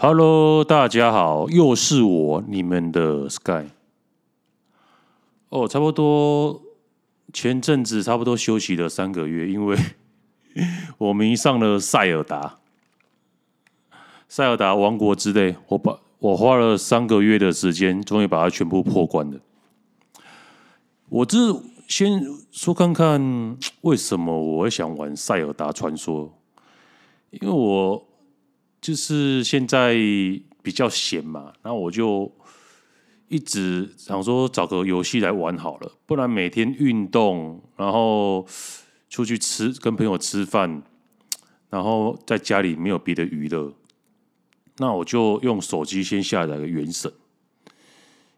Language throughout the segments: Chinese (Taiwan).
Hello，大家好，又是我，你們的 Sky。哦，差不多前陣子差不多休息了三個月，因為我迷上了塞爾達。塞爾達王國之淚，我把我花了三個月的時間，終於把它全部破關了。我這先說看看為什麼我會想玩塞爾達傳說，因為我。就是現在比較閒嘛，那我就一直想說找個遊戲來玩好了，不然每天運動，然後出去吃，跟朋友吃飯，然後在家裡沒有別的娛樂，那我就用手機先下載個《原神》，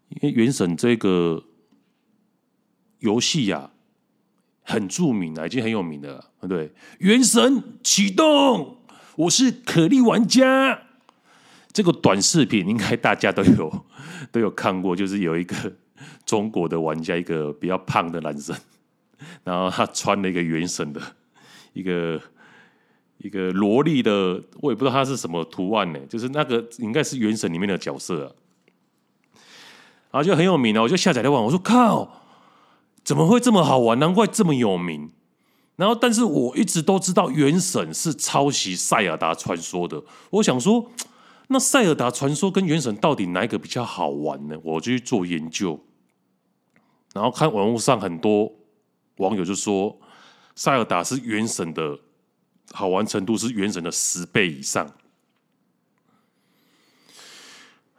因為《原神》這個遊戲呀、啊、很著名啊，已經很有名的了、啊，對不對？《原神》啟動。我是可莉玩家，這個短視頻應該大家都有都有看過，就是有一個中國的玩家，一個比較胖的男生，然後他穿了一個原神的一個一個蘿莉的，我也不知道他是什麼圖案呢、欸，就是那個應該是原神裡面的角色、啊，然後就很有名啊，我就下載了，玩，我說靠，怎麼會這麼好玩？難怪這麼有名。然後，但是我一直都知道原神是抄襲塞爾達傳說的。我想說，那塞爾達傳說跟原神到底哪一個比較好玩呢？我就去做研究，然後看網絡上很多網友就說，塞爾達是原神的好玩程度是原神的十倍以上。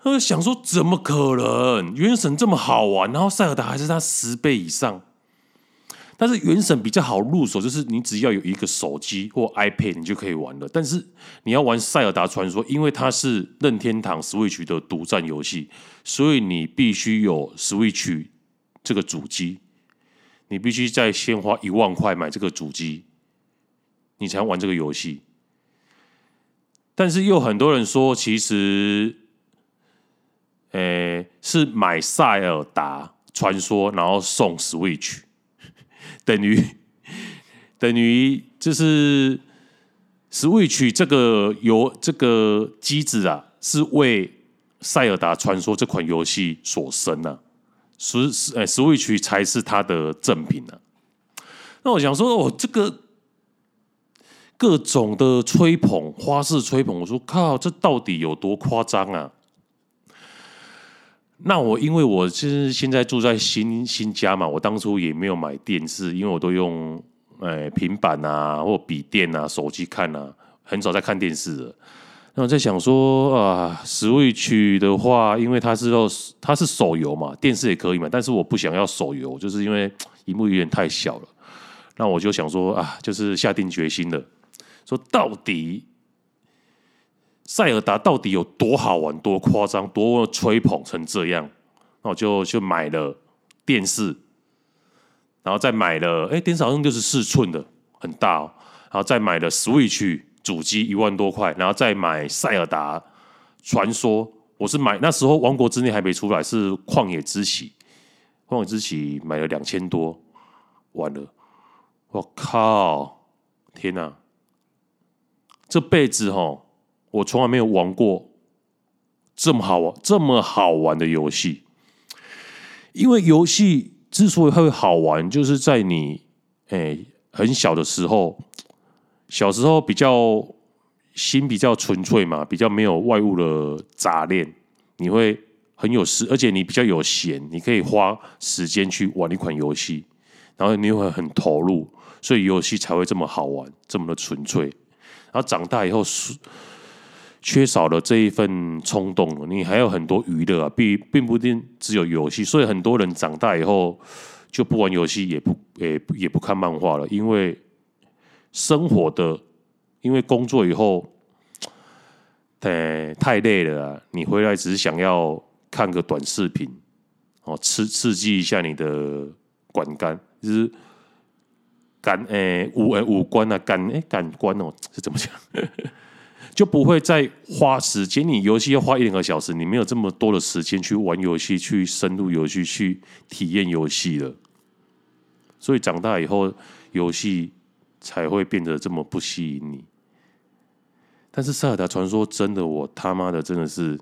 他就想說怎麼可能？原神這麼好玩，然後塞爾達還是他十倍以上？但是原神比較好入手，就是你只要有一個手機或 iPad，你就可以玩了。但是你要玩塞爾達傳說，因為它是任天堂 Switch 的獨佔遊戲，所以你必須有 Switch 這個主機，你必須再先花一萬塊買這個主機，你才玩這個遊戲。但是又很多人說，其實，呃、欸，是買塞爾達傳說，然後送 Switch。等於等於，等於就是 Switch 這個遊這個機子啊，是為《塞爾達傳說》這款遊戲所生呢、啊。Switch 才是它的正品啊。那我想說，哦，這個各種的吹捧、花式吹捧，我說靠，這到底有多誇張啊？那我因為我是現在住在新新家嘛，我當初也沒有買電視，因為我都用、欸、平板啊或筆電啊手機看啊，很少在看電視的。那我在想說啊，Switch 的話，因為它知道它是手遊嘛，電視也可以嘛，但是我不想要手遊，就是因為螢幕有點太小了。那我就想說啊，就是下定決心了，說到底。塞爾達到底有多好玩、多誇張、多吹捧成這樣？那我就去買了電視，然後再買了哎、欸，電視好像就是四寸的，很大哦。然後再買了 Switch 主機一萬多塊，然後再買塞爾達傳說，我是買那時候王國之淚還沒出來，是曠野之息，曠野之息買了兩千多，完了，我靠，天哪、啊，這輩子吼！我從來沒有玩過這麼好玩、這麼好玩的遊戲，因為遊戲之所以會好玩，就是在你、欸、很小的時候，小時候比較心比較純粹嘛，比較沒有外物的雜念，你會很有時，而且你比較有閒，你可以花時間去玩一款遊戲，然後你會很投入，所以遊戲才會這麼好玩，這麼的純粹。然後長大以後。缺少了這一份衝動，你還有很多娛樂，啊，並並不一定只有遊戲。所以很多人長大以後就不玩遊戲，也不也不也不看漫畫了，因為生活的，因為工作以後，欸、太累了。你回來只是想要看個短視頻，哦、喔，刺刺激一下你的感官，就是感哎五哎五官啊感哎感官哦是怎麼講？ 就不會再花時間。你遊戲要花一兩個小時，你沒有這麼多的時間去玩遊戲、去深入遊戲、去體驗遊戲了。所以長大以後，遊戲才會變得這麼不吸引你。但是《塞爾達傳說》真的，我他媽的真的是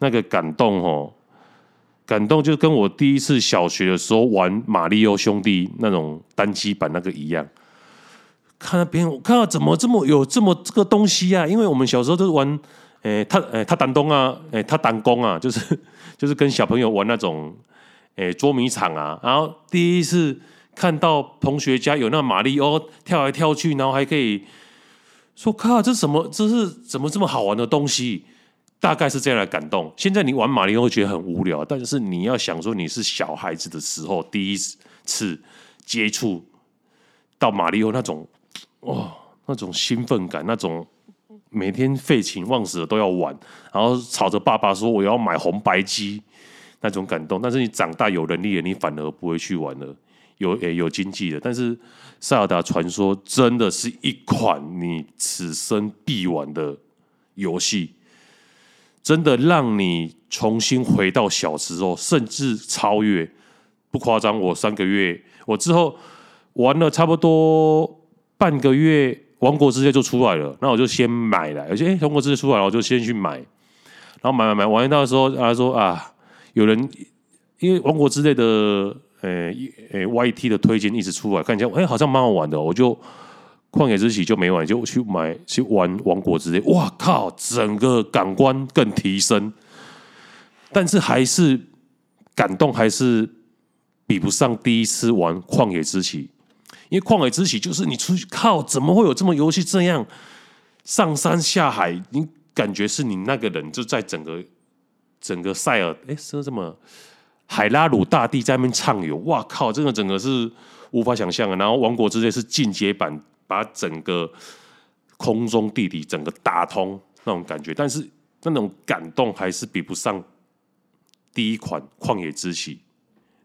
那個感動哦！感動就跟我第一次小學的時候玩《馬里奧兄弟》那種單機版那個一樣。看到別人，我靠怎麼這麼有這麼這個東西啊，因為我們小時候都是玩，誒、欸，他誒，他、欸、彈東啊，誒、欸，他彈弓啊，就是就是跟小朋友玩那種誒捉迷藏啊。然後第一次看到同學家有那馬里奧跳來跳去，然後還可以說靠，這是什麼？這是怎麼這麼好玩的東西？大概是這樣來感動。現在你玩馬里奧會覺得很無聊，但是你要想說你是小孩子的時候第一次接觸到馬里奧那種。哇、哦，那種興奮感，那種每天廢寢忘食的都要玩，然後吵着爸爸說我要買紅白機，那種感動。但是你長大有能力了，你反而不會去玩了。有誒、欸，有經濟了，但是《塞爾達傳說》真的是一款你此生必玩的遊戲，真的讓你重新回到小時候，甚至超越，不誇張。我三個月，我之後玩了差不多。半個月，王國之淚就出來了，那我就先買了。而且，哎、欸，王國之淚出來了，我就先去買。然後買買買，玩到的時候，他、啊、說啊，有人因爲王國之淚的呃呃、欸欸、YT 的推薦一直出來，看見哎、欸，好像蠻好玩的，我就曠野之息就沒玩，就去買去玩王國之淚，哇靠，整個感官更提升，但是還是感動還是比不上第一次玩曠野之息。因為《曠野之息》就是你出去靠，怎麼會有這麼遊戲這樣上山下海？你感覺是你那個人就在整個整個塞爾，哎、欸，說什麼海拉魯大地在那邊暢遊。哇靠，真的整個是無法想象的。然後《王國之淚》是進階版，把整個空中、地底整個打通那種感覺，但是那種感動還是比不上第一款《曠野之息》。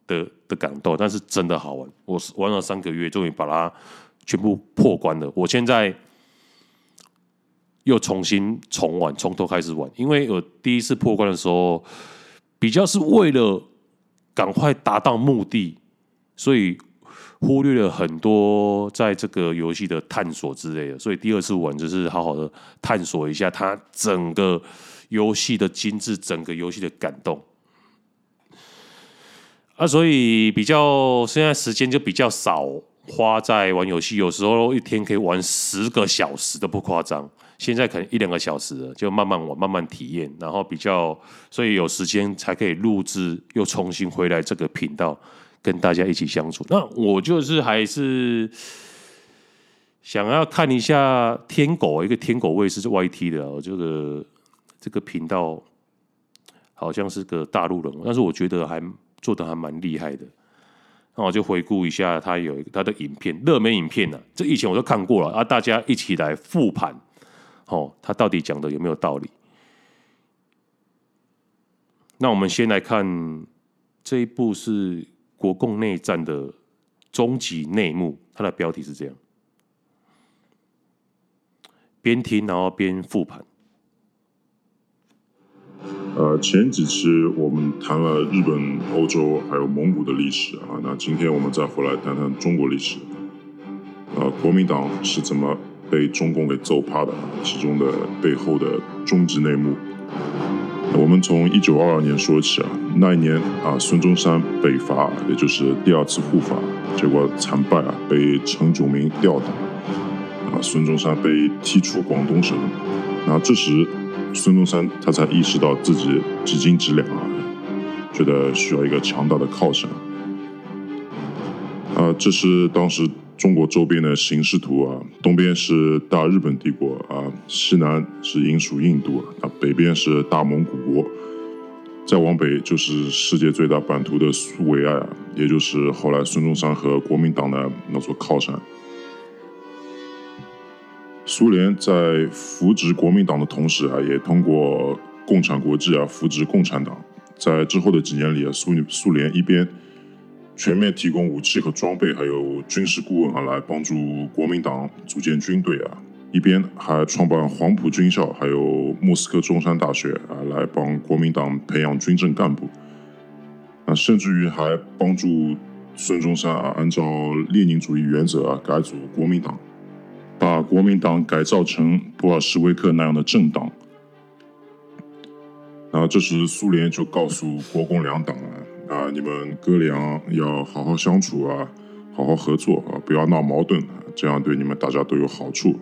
的的感動，但是真的好玩。我是玩了三個月，終於把它全部破關了。我現在又重新重玩，從頭開始玩。因為我第一次破關的時候，比較是為了趕快達到目的，所以忽略了很多在這個遊戲的探索之類的。所以第二次玩就是好好的探索一下它整個遊戲的精緻，整個遊戲的感動。啊，所以比較現在時間就比較少花在玩遊戲，有時候一天可以玩十個小時都不誇張。現在可能一兩個小時就慢慢玩，慢慢體驗，然後比較所以有時間才可以錄製，又重新回來這個頻道跟大家一起相處。那我就是還是想要看一下天狗，一個天狗衛視是 YT 的，我覺得這個頻道好像是個大陸人，但是我覺得還。做得還蠻厲害的，那我就回顧一下，他有一他的影片，熱門影片呢、啊，這以前我都看過了啊，大家一起來復盤，好、哦，他到底講的有沒有道理？那我們先來看這一部是國共內戰的終極內幕，它的標題是這樣，邊聽然後邊復盤。呃，前幾期我們談了日本、歐洲還有蒙古的歷史啊，那今天我們再回來談談中國歷史。啊。國民黨是怎麼被中共給揍趴的啊？其中的背後的終極內幕，我們從一九二二年說起啊。那一年啊，孫中山北伐，也就是第二次護法，結果慘敗啊，被陳炯明吊打。啊，孫中山被踢出廣東省。那這時。孫中山他才意識到自己幾斤幾兩啊，覺得需要一個強大的靠山。啊，這是當時中國周邊的形勢圖啊，東邊是大日本帝國啊，西南是英屬印度啊，北邊是大蒙古國，再往北就是世界最大版圖的蘇維埃啊，也就是後來孫中山和國民黨的那座靠山。蘇聯在扶植國民黨的同時啊，也通過共產國際啊扶植共產黨。在之後的幾年裡啊，蘇蘇聯一邊全面提供武器和裝備，還有軍事顧問啊來幫助國民黨組建軍隊啊，一邊還創辦黃埔軍校，還有莫斯科中山大學啊來幫國民黨培養軍政幹部。啊，甚至於還幫助孫中山啊按照列寧主義原則啊改組國民黨。把國民黨改造成布爾什維克那樣的政黨，那，這時蘇聯就告訴國共兩黨啊，你們哥倆要好好相處啊，好好合作啊，不要鬧矛盾，這樣對你們大家都有好處。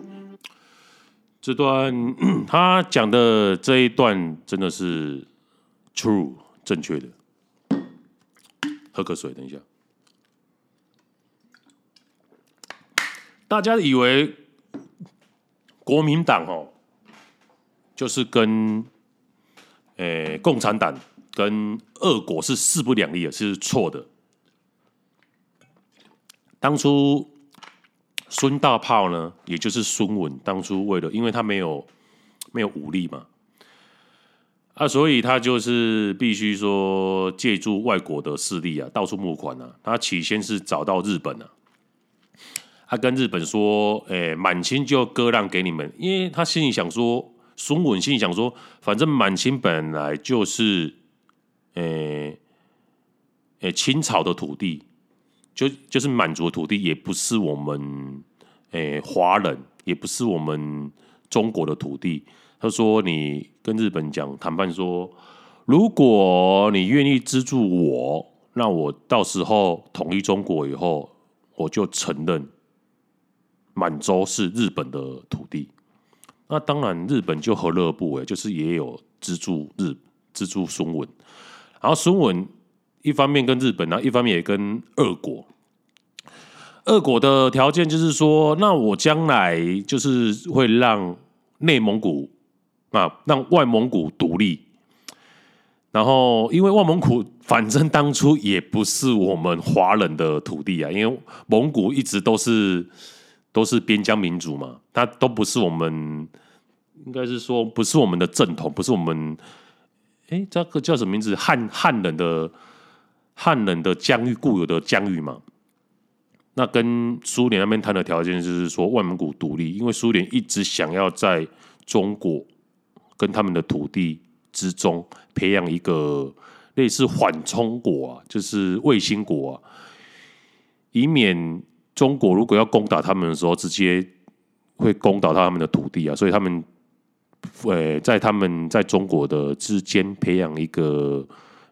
這段他講的這一段真的是 true 正確的。喝口水，等一下，大家以為。國民黨哦，就是跟誒、欸、共產黨跟俄國是勢不兩立的，是錯的。當初孫大炮呢，也就是孫文，當初為了，因為他沒有沒有武力嘛，啊，所以他就是必須說借助外國的勢力啊，到處募款啊。他起先是找到日本啊。他跟日本說：“誒，滿清就要割讓給你們，因為他心裡想說，孫文心裡想說，反正滿清本來就是，誒，誒，清朝的土地，就就是滿族的土地，也不是我們誒華人，也不是我們中國的土地。他說：你跟日本講，談判說，如果你願意資助我，那我到時候統一中國以後，我就承認。”滿洲是日本的土地，那當然日本就何樂不為，就是也有資助日、資助孫文。然後孫文一方面跟日本，一方面也跟俄國。俄國的條件就是說，那我將來就是會讓內蒙古啊，讓外蒙古獨立。然後因為外蒙古反正當初也不是我們華人的土地啊，因為蒙古一直都是。都是邊疆民族嘛，它都不是我們，應該是說不是我們的正統，不是我們，哎，這個叫什麼名字？漢漢人的，的漢人的疆，的疆域固有的疆域嘛。那跟蘇聯那邊談的條件就是說，外蒙古獨立，因為蘇聯一直想要在中國跟他們的土地之中培養一個類似緩衝國，啊，就是衛星國，啊，以免。中國如果要攻打他們的時候，直接會攻打到他們的土地啊！所以他們，呃、欸，在他們在中國的之間培養一個，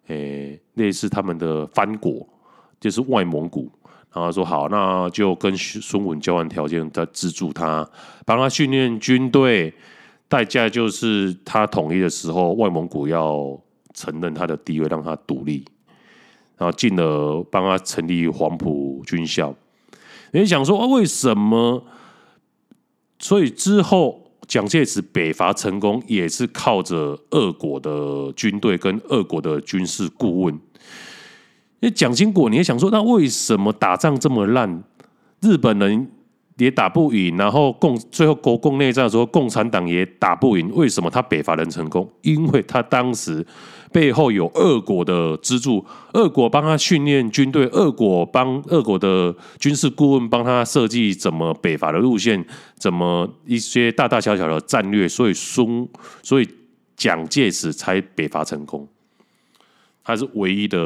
呃、欸，類似他們的藩國，就是外蒙古。然後說好，那就跟孫文交換條件，再資助他，幫他訓練軍隊，代價就是他統一的時候，外蒙古要承認他的地位，讓他獨立。然後進了幫他成立黃埔軍校。你也想說啊？為什麼？所以之後蔣介石北伐成功，也是靠着俄國的軍隊跟俄國的軍事顧問。因為蔣經國，你也想說，那為什麼打仗這麼爛？日本人。也打不贏，然後共最後國共內戰的時候，共產黨也打不贏。為什麼他北伐能成功？因為他當時背後有俄國的資助，俄國幫他訓練軍隊，俄國幫、俄國的軍事顧問幫他設計怎麼北伐的路線，怎麼一些大大小小的戰略。所以蘇、所以蔣介石才北伐成功。他是唯一的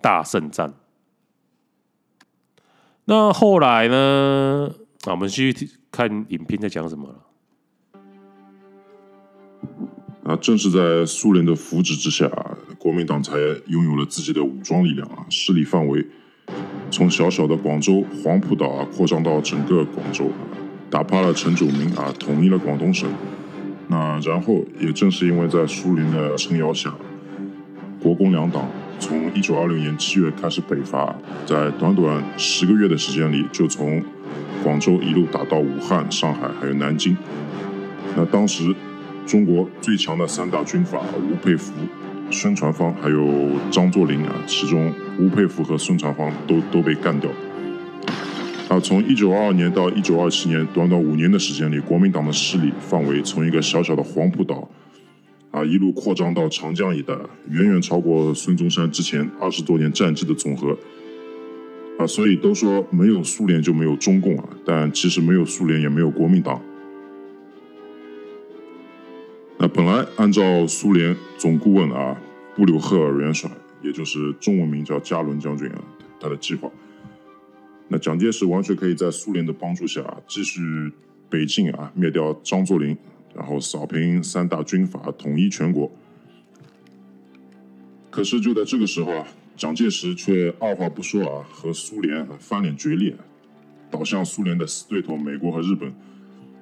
大勝戰。那後來呢？那、啊、我們繼續看影片，在講什麼了。啊，正是在蘇聯的扶植之下、啊，國民黨才擁有了自己的武裝力量，啊，勢力範圍從小小的廣州黃埔島啊，擴張到整個廣州，打趴了陳炯明啊，統一了廣東省。那然後也正是因為在蘇聯的撐腰下，國共兩黨從一九二六年七月開始北伐，在短短十個月的時間裡就從，廣州一路打到武漢、上海，還有南京。那當時，中國最強的三大軍閥吳佩孚、孫傳芳還有張作霖啊，其中吳佩孚和孫傳芳都都被幹掉。啊，從1922年到1927年，短短五年的時間裡，國民黨的勢力範圍從一個小小的黃埔島，啊，一路擴張到長江一帶，遠遠超過孫中山之前二十多年戰績的總和。所以都說沒有蘇聯就沒有中共啊，但其實沒有蘇聯也沒有國民黨。那本來按照蘇聯總顧問啊，布留赫爾元帥，也就是中文名叫加倫將軍啊，他的計劃，那蔣介石完全可以在蘇聯的幫助下啊，繼續北進啊，滅掉張作霖，然後掃平三大軍閥，統一全國。可是就在這個時候啊。蔣介石卻二話不說啊，和蘇聯翻臉決裂，倒向蘇聯的死對頭美國和日本，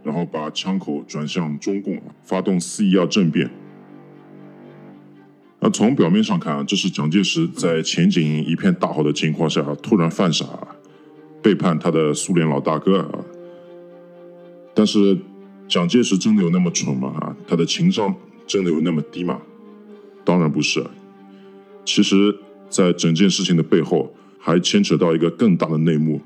然後把槍口轉向中共，發動四一二政變。那從表面上看啊，這是蔣介石在前景一片大好的情況下突然犯傻，背叛他的蘇聯老大哥啊。但是蔣介石真的有那麼蠢嗎？啊，他的情商真的有那麼低嗎？當然不是。其實。在整件事情的背後，還牽扯到一個更大的內幕。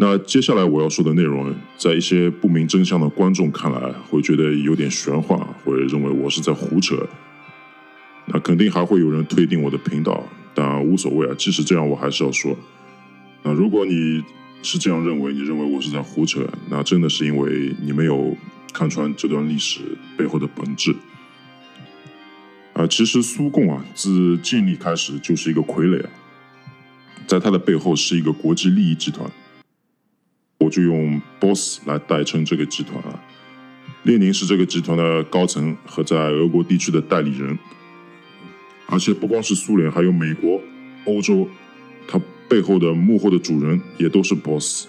那接下來我要說的內容，在一些不明真相的觀眾看來，會覺得有點玄幻，會認為我是在胡扯。那肯定還會有人退訂我的頻道，但無所謂啊。即使這樣，我還是要說。那如果你是這樣認為，你認為我是在胡扯，那真的是因為你沒有看穿這段歷史背後的本質。啊，其實蘇共啊，自建立開始就是一個傀儡啊，在它的背後是一個國際利益集團，我就用 boss 來代稱這個集團啊。列寧是這個集團的高層和在俄國地區的代理人，而且不光是蘇聯，還有美國、歐洲，它背後的幕後的主人也都是 boss。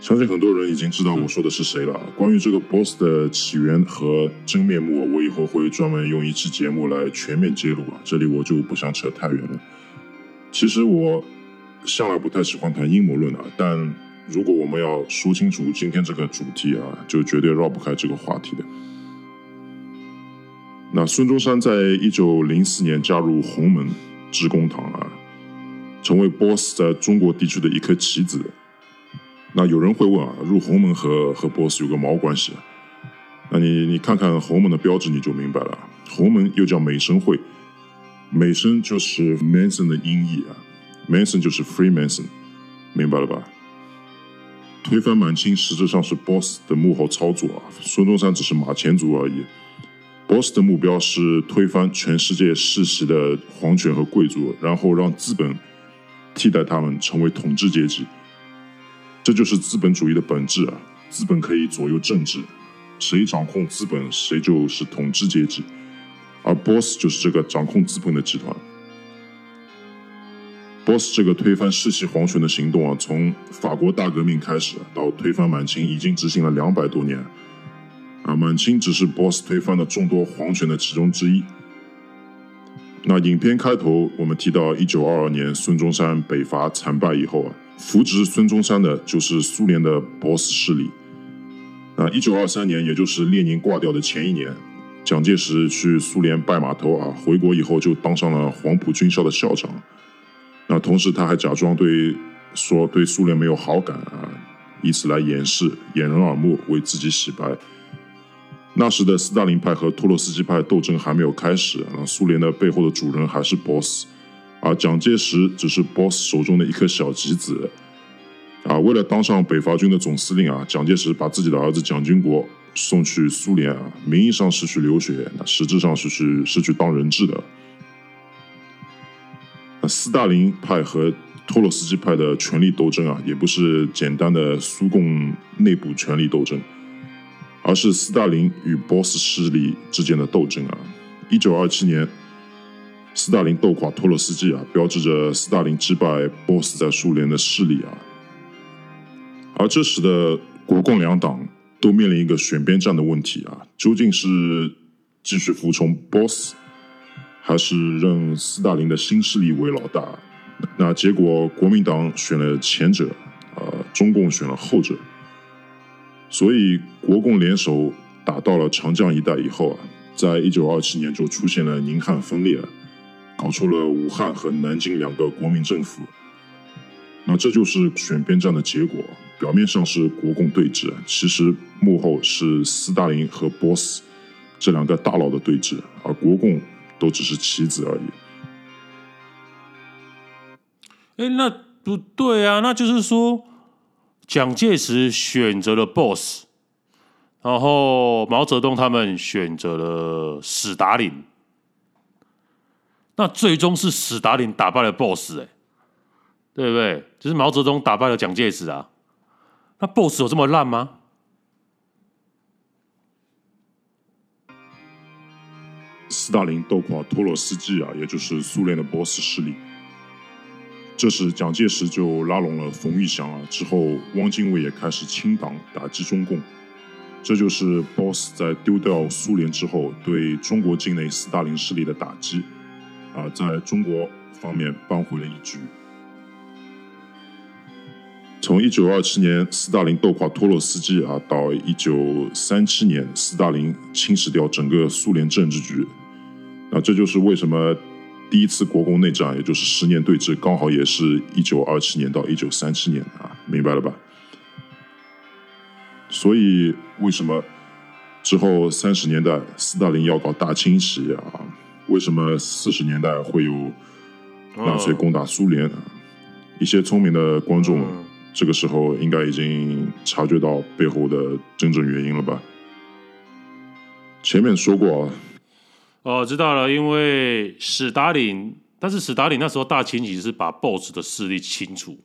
相信很多人已經知道我說的是誰了。關於這個 boss 的起源和真面目，我以後會專門用一期節目來全面揭露啊。這裡我就不想扯太遠了。其實我向來不太喜歡談陰謀論啊，但如果我們要說清楚今天這個主題啊，就絕對繞不開這個話題的。那孫中山在一九零四年加入洪門致公堂啊，成為 boss 在中國地區的一顆棋子。那有人會問啊，入紅門和和 boss 有個毛關係啊？那你你看看紅門的標誌你就明白了。紅門又叫美聲會，美聲就是 Mason 的音譯啊，Mason 就是 Freemason，明白了吧？推翻滿清實質上是 boss 的幕後操作啊，孫中山只是馬前卒而已。boss 的目標是推翻全世界世襲的皇權和貴族，然後讓資本替代他們成為統治階級。這就是資本主義的本質啊，資本可以左右政治，誰掌控資本，誰就是統治階級，而 BOSS 就是這個掌控資本的集團。BOSS 這個推翻世襲皇權的行動啊，從法國大革命開始到推翻滿清，已經執行了兩百多年，啊，滿清只是 BOSS 推翻了眾多皇權的其中之一。那影片開頭我們提到，一九二二年孫中山北伐慘敗以後啊。扶植孫中山的就是蘇聯的 boss 勢力啊！一九二三年，也就是列寧掛掉的前一年，蔣介石去蘇聯拜碼頭啊，回國以後就當上了黃埔軍校的校長。那同時他還假裝對說對蘇聯沒有好感啊，以此來掩飾、掩人耳目，為自己洗白。那時的斯大林派和托洛斯基派鬥爭還沒有開始啊，蘇聯的背後的主人還是 boss。而、啊、蔣介石只是 boss 手中的一顆小棋子。啊，為了當上北伐軍的總司令啊，蔣介石把自己的兒子蔣經國送去蘇聯啊，名義上是去留學，那、啊、實質上是去是去當人質的、啊。斯大林派和托洛斯基派的權力鬥爭啊，也不是簡單的蘇共內部權力鬥爭，而是斯大林與波斯勢力之間的鬥爭啊。一九二七年。斯大林鬥垮托洛茨基啊，標誌着斯大林擊敗波斯在蘇聯的勢力啊。而這時的國共兩黨都面臨一個選邊站的問題啊，究竟是繼續服從波斯，還是認斯大林的新勢力為老大？那結果國民黨選了前者，呃，中共選了後者。所以國共聯手打到了長江一帶以後啊，在一九二七年就出現了寧漢分裂。搞出了武漢和南京兩個國民政府，那這就是選邊站的結果。表面上是國共對峙，其實幕後是斯大林和 Boss 這兩個大佬的對峙，而國共都只是棋子而已。哎、欸，那不對啊！那就是說，蔣介石選擇了 Boss，然後毛澤東他們選擇了史達林。那最終是史達林打敗了 boss，哎、欸，對不對？就是毛澤東打敗了蔣介石啊。那 boss 有這麼爛嗎？斯大林鬥垮托洛斯基啊，也就是蘇聯的 boss 勢力。這時蔣介石就拉攏了馮玉祥啊，之後汪精衛也開始清黨打擊中共。這就是 boss 在丟掉蘇聯之後對中國境內斯大林勢力的打擊。啊，在中國方面扳回了一局。從一九二七年斯大林鬥垮托洛茨基啊，到一九三七年斯大林清洗掉整個蘇聯政治局，那、啊、這就是為什麼第一次國共內戰，也就是十年對峙，剛好也是一九二七年到一九三七年啊，明白了吧？所以為什麼之後三十年代斯大林要搞大清洗啊？為什麼四十年代會有納粹攻打蘇聯？哦、一些聰明的觀眾，這個時候應該已經察覺到背後的真正原因了吧？前面說過啊。哦，知道了，因為史達林，但是史達林那時候大清洗是把 boss 的勢力清除，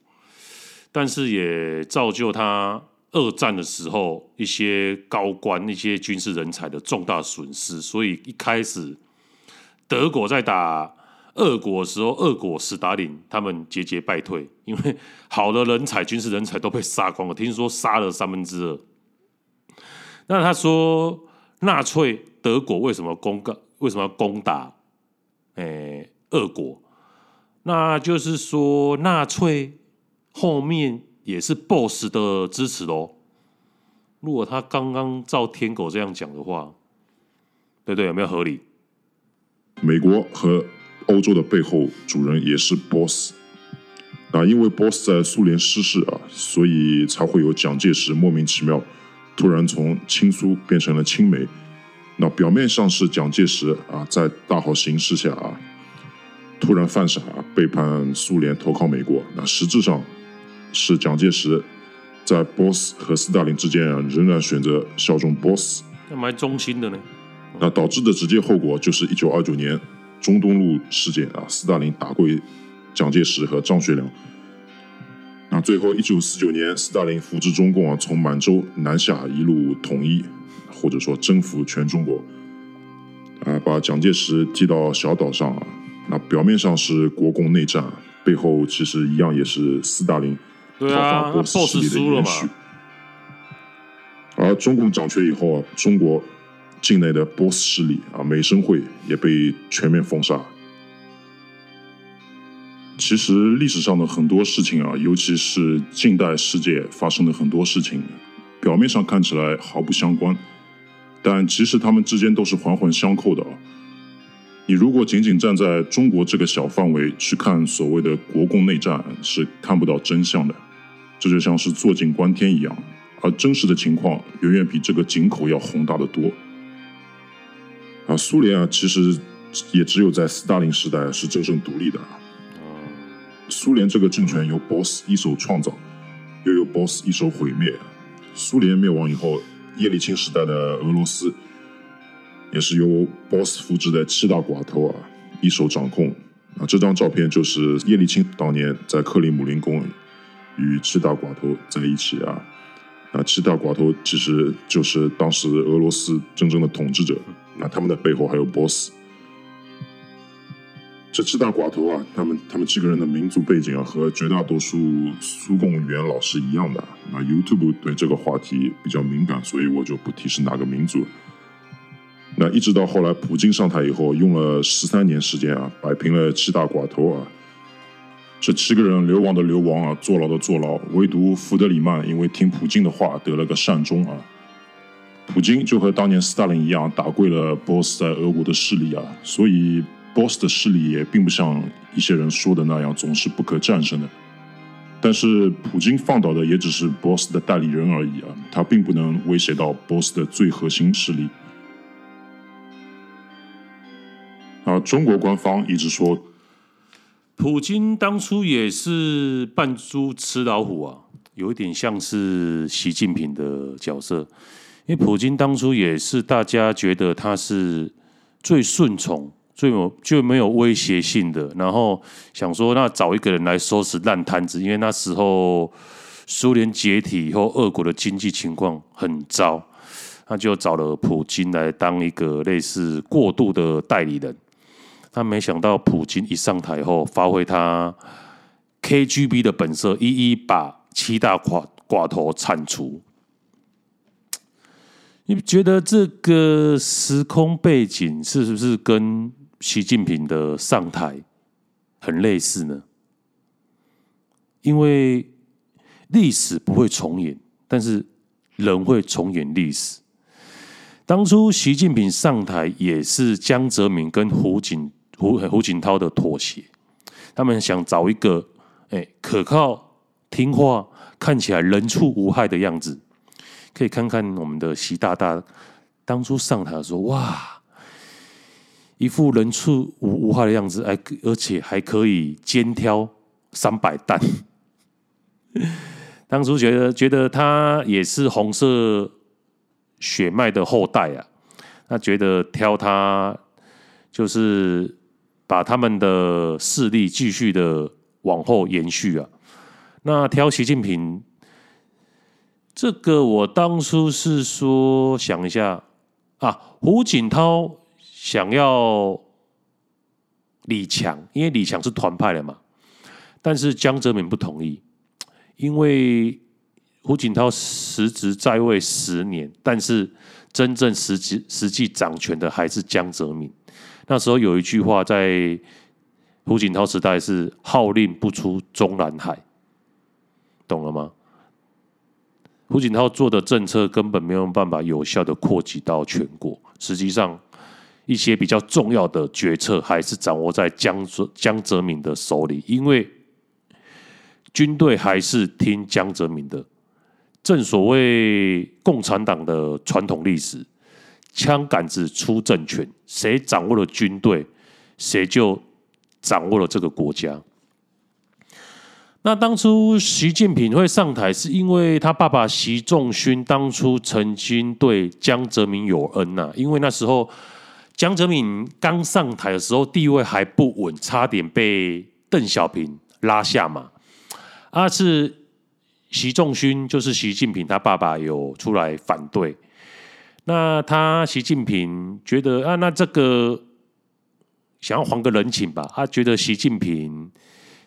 但是也造就他二戰的時候一些高官、一些軍事人才的重大損失，所以一開始。德國在打俄國的時候，俄國斯大林他們節節敗退，因為好的人才、軍事人才都被殺光了，聽說殺了三分之二。那他說納粹德國為什麼攻告？為什麼要攻打？哎、欸，俄國？那就是說納粹後面也是 BOSS 的支持咯，如果他剛剛照天狗這樣講的話，對對，對，有沒有合理？美國和歐洲的背後主人也是 boss 啊，因為 boss 在蘇聯失勢啊，所以才會有蔣介石莫名其妙突然從親蘇變成了親美。那表面上是蔣介石啊，在大好形勢下啊，突然犯傻背叛蘇聯投靠美國，那實質上是蔣介石在 boss 和斯大林之間啊，仍然選擇效忠 boss。那蠻忠心的呢。那導致的直接後果就是一九二九年中東路事件啊，斯大林打跪蔣介石和張學良。那最後一九四九年，斯大林扶植中共啊，從滿洲南下一路統一，或者說征服全中國，啊，把蔣介石踢到小島上啊。那表面上是國共內戰，背後其實一樣也是斯大林討伐波斯勢力的延續了。而中共掌權以後啊，中國。境內的波斯勢力啊，美生會也被全面封殺。其實歷史上的很多事情啊，尤其是近代世界發生的很多事情，表面上看起來毫不相關，但其實他們之間都是環環相扣的啊。你如果僅僅站在中國這個小範圍去看所謂的國共內戰，是看不到真相的，這就像是坐井觀天一樣。而真實的情況遠遠比這個井口要宏大得多。啊，蘇聯啊，其實也只有在斯大林時代是真正獨立的。蘇聯這個政權由 boss 一手創造，又由 boss 一手毀滅。蘇聯滅亡以後，葉利欽時代的俄羅斯也是由 boss 扶植的七大寡頭啊一手掌控。啊，這張照片就是葉利欽當年在克里姆林宮與七大寡頭在一起啊。那七大寡頭其實就是當時俄羅斯真正的統治者，那他們的背後還有 BOSS。這七大寡頭啊，他們他們幾個人的民族背景啊，和絕大多數蘇共元老是一樣的。那 YouTube 對這個話題比較敏感，所以我就不提是哪個民族。那一直到後來普京上台以後，用了十三年時間啊，擺平了七大寡頭啊。這七個人流亡的流亡啊，坐牢的坐牢，唯獨弗德里曼因為聽普京的話得了個善終啊。普京就和當年斯大林一樣打跪了 boss 在俄國的勢力啊，所以 boss 的勢力也並不像一些人說的那樣總是不可戰勝的。但是普京放倒的也只是 boss 的代理人而已啊，他並不能威脅到 boss 的最核心勢力。而、啊、中國官方一直說。普京當初也是扮豬吃老虎啊，有一點像是習近平的角色，因為普京當初也是大家覺得他是最順從、最有就沒有威脅性的，然後想說那找一個人來收拾爛攤子，因為那時候蘇聯解體以後，俄國的經濟情況很糟，那就找了普京來當一個類似過渡的代理人。他沒想到，普京一上台後，發揮他 KGB 的本色，一一把七大寡寡頭鏟除。你覺得這個時空背景是不是跟習近平的上台很類似呢？因為歷史不會重演，但是人會重演歷史。當初習近平上台，也是江澤民跟胡錦。胡胡錦濤的妥協，他們想找一個哎、欸、可靠聽話、看起來人畜無害的樣子，可以看看我們的習大大當初上台的時候，哇，一副人畜無無害的樣子，而而且還可以肩挑三百擔。 當初覺得覺得他也是紅色血脈的後代啊，那覺得挑他就是。把他們的勢力繼續的往後延續啊！那挑習近平這個，我當初是說想一下啊，胡錦濤想要李強，因為李強是團派的嘛。但是江澤民不同意，因為胡錦濤實職在位十年，但是真正實際實際掌權的還是江澤民。那時候有一句話在胡錦濤時代，是號令不出中南海，懂了嗎？胡錦濤做的政策根本沒有辦法有效地擴及到全國。實際上，一些比較重要的決策還是掌握在江江澤民的手裡，因為軍隊還是聽江澤民的。正所謂共產黨的傳統歷史。槍桿子出政權，誰掌握了軍隊，誰就掌握了這個國家。那當初習近平會上台，是因為他爸爸習仲勳當初曾經對江澤民有恩吶、啊。因為那時候江澤民剛上台的時候地位還不穩，差點被鄧小平拉下馬。啊，是習仲勳，就是習近平他爸爸有出來反對。那他習近平覺得啊，那這個想要還個人情吧？他、啊、覺得習近平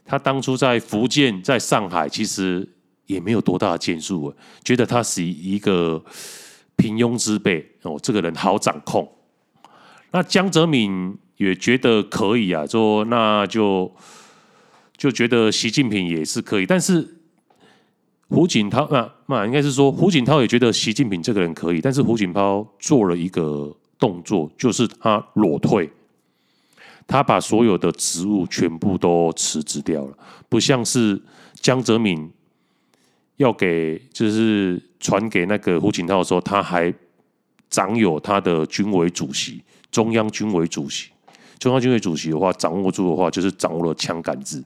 他當初在福建在上海其實也沒有多大的建樹啊，覺得他是一個平庸之輩哦，這個人好掌控。那江澤民也覺得可以啊，說那就就覺得習近平也是可以，但是。胡錦濤啊嘛，應該是說胡錦濤也覺得習近平這個人可以，但是胡錦濤做了一個動作，就是他裸退，他把所有的職務全部都辭職掉了。不像是江澤民要給，就是傳給那個胡錦濤的時候，他還掌有他的軍委主席，中央軍委主席，中央軍委主席的話，掌握住的話，就是掌握了槍桿子。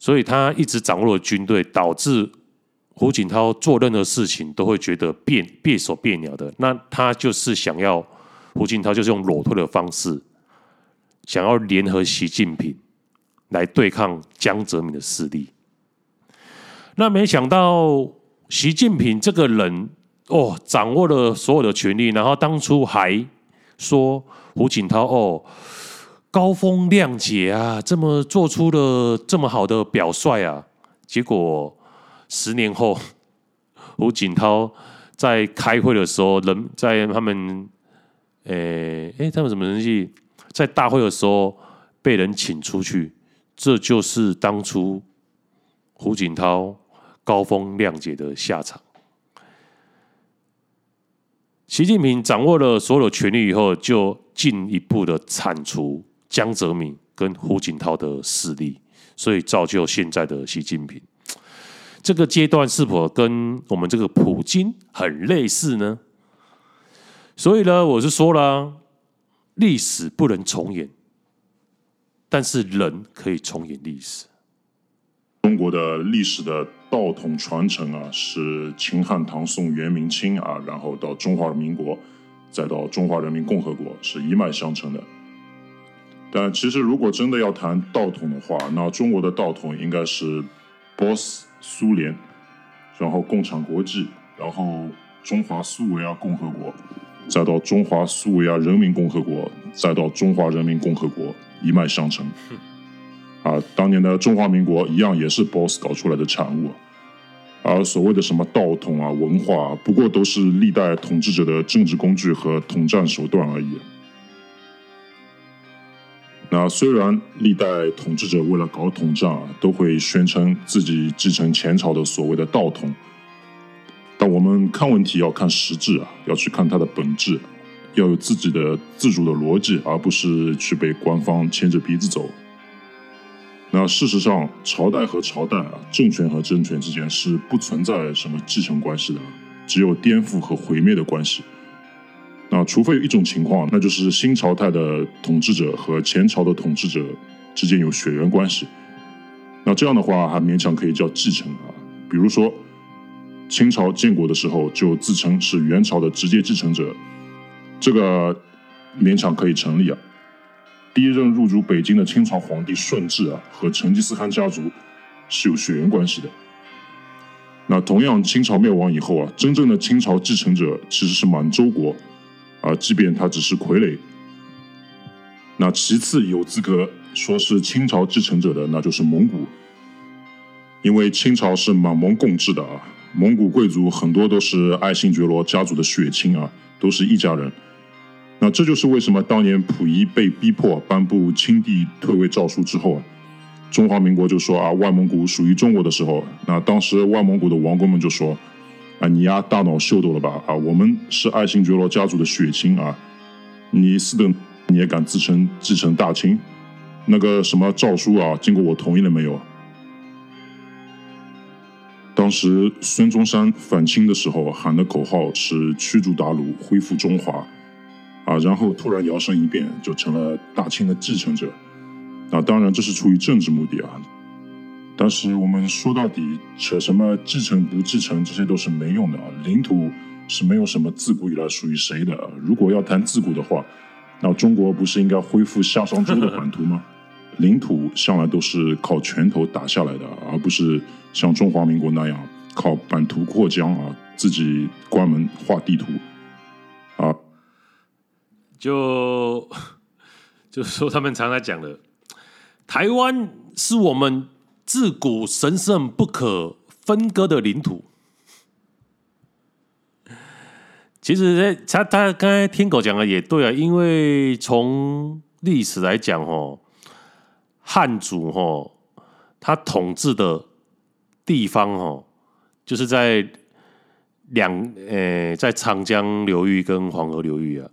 所以他一直掌握了軍隊，導致胡錦濤做任何事情都會覺得綁綁手綁腳的。那他就是想要胡錦濤就是用裸退的方式，想要聯合習近平來對抗江澤民的勢力。那沒想到習近平這個人哦，掌握了所有的權力，然後當初還說胡錦濤哦。高風亮節啊，這麼做出了這麼好的表率啊，結果十年後，胡錦濤在開會的時候，人在他們，誒、欸、誒、欸，他們什麼東西，在大會的時候被人請出去，這就是當初胡錦濤高風亮節的下場。習近平掌握了所有權力以後，就進一步的鏟除。江澤民跟胡錦濤的勢力，所以造就現在的習近平。這個階段是否跟我們這個普京很類似呢？所以呢，我是說啦，歷史不能重演，但是人可以重演歷史。中國的歷史的道統傳承啊，是秦漢唐宋元明清啊，然後到中華民國，再到中華人民共和國，是一脈相承的。但其實，如果真的要談道統的話，那中國的道統應該是 boss 蘇聯，然後共產國際，然後中華蘇維埃共和國，再到中華蘇維埃人民共和國，再到中華人民共和國，一脈相承。嗯。啊，當年的中華民國一樣也是 boss 搞出來的產物。而、啊、所謂的什麼道統啊、文化啊，不過都是歷代統治者的政治工具和統戰手段而已。那雖然歷代統治者為了搞統戰啊，都會宣稱自己繼承前朝的所謂的道統，但我們看問題要看實質啊，要去看它的本質，要有自己的自主的邏輯，而不是去被官方牽着鼻子走。那事實上，朝代和朝代啊，政權和政權之間是不存在什麼繼承關係的，只有顛覆和毀滅的關係。那除非有一種情況，那就是新朝代的統治者和前朝的統治者之間有血緣關係，那這樣的話還勉強可以叫繼承啊。比如說，清朝建國的時候就自稱是元朝的直接繼承者，這個勉強可以成立啊。第一任入主北京的清朝皇帝順治啊，和成吉思汗家族是有血緣關係的。那同樣，清朝滅亡以後啊，真正的清朝繼承者其實是滿洲國。啊，即便他只是傀儡，那其次有資格說是清朝繼承者的，那就是蒙古，因為清朝是滿蒙共治的啊，蒙古貴族很多都是愛新覺羅家族的血親啊，都是一家人。那這就是為什麼當年溥儀被逼迫頒布清帝退位詔書之後啊，中華民國就說啊，外蒙古屬於中國的時候，那當時外蒙古的王公們就說。啊，你丫、啊，大腦秀逗了吧？啊，我們是愛新覺羅家族的血親啊，你四等，你也敢自稱繼承大清？那個什麼詔書啊，經過我同意了沒有？當時孫中山反清的時候喊的口號是驅逐韃虜，恢復中華，啊，然後突然搖身一變就成了大清的繼承者，啊，當然這是出於政治目的啊。但是我們說到底扯什麼繼承不繼承，這些都是沒用的啊！領土是沒有什麼自古以來屬於誰的啊！如果要談自古的話，那中國不是應該恢復夏商周的版圖嗎？ 領土向來都是靠拳頭打下來的，而不是像中華民國那樣靠版圖擴張啊，自己關門畫地圖啊！就就說，他們常常講的，台灣是我們。自古神聖不可分割的領土。其實他，他他剛才聽狗講的也對啊，因為從歷史來講，哈，漢族哈、哦，他統治的地方、哦，哈，就是在兩呃、欸，在長江流域跟黃河流域啊。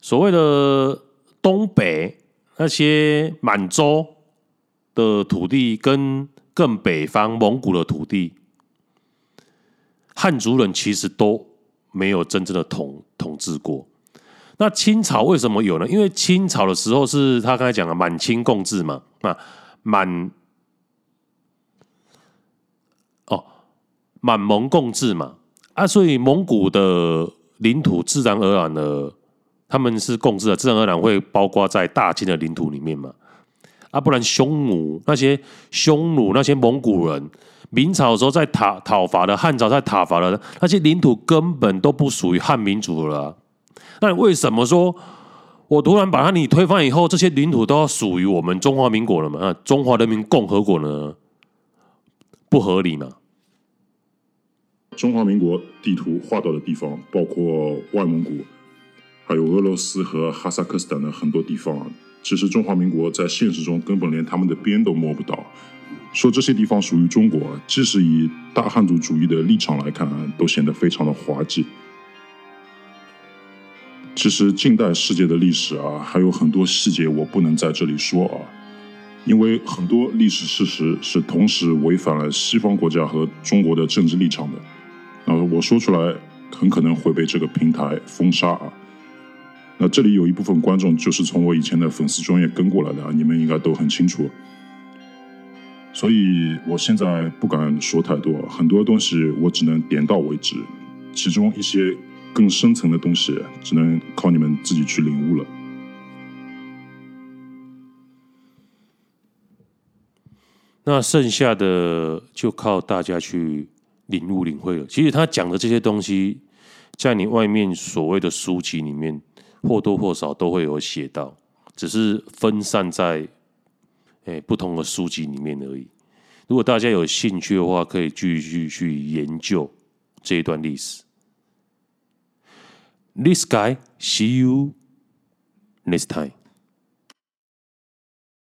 所謂的東北那些滿洲。的土地跟更北方蒙古的土地，漢族人其實都沒有真正的統統治過。那清朝為什麼有呢？因為清朝的時候是他剛才講的滿清共治嘛，那滿哦滿蒙共治嘛啊，所以蒙古的領土自然而然的他們是共治的，自然而然會包括在大清的領土裡面嘛。啊，不然匈奴那些匈奴那些蒙古人，明朝的時候在討討伐的，漢朝在討伐的，那些領土根本都不屬於漢民族了啊。那你為什麼說我突然把他你推翻以後，這些領土都要屬於我們中華民國了嗎？那中華人民共和國呢？不合理呢？中華民國地圖畫到的地方包括外蒙古，還有俄羅斯和哈薩克斯坦的很多地方。其實中華民國在現實中根本連他們的邊都摸不到，說這些地方屬於中國，即使以大漢族主義的立場來看，都顯得非常的滑稽。其實近代世界的歷史啊，還有很多細節我不能在這裡說啊，因為很多歷史事實是同時違反了西方國家和中國的政治立場的，呃，我說出來很可能會被這個平台封殺啊。那這裡有一部分觀眾就是從我以前的粉絲中也跟過來的啊，你們應該都很清楚。所以我現在不敢說太多，很多東西我只能點到為止。其中一些更深層的東西，只能靠你們自己去領悟了。那剩下的就靠大家去領悟領會了。其實他講的這些東西，在你外面所謂的書籍裡面。或多或少都會有寫到，只是分散在誒、欸、不同的書籍裡面而已。如果大家有興趣的話，可以繼續去研究這一段歷史。This guy, see you next time.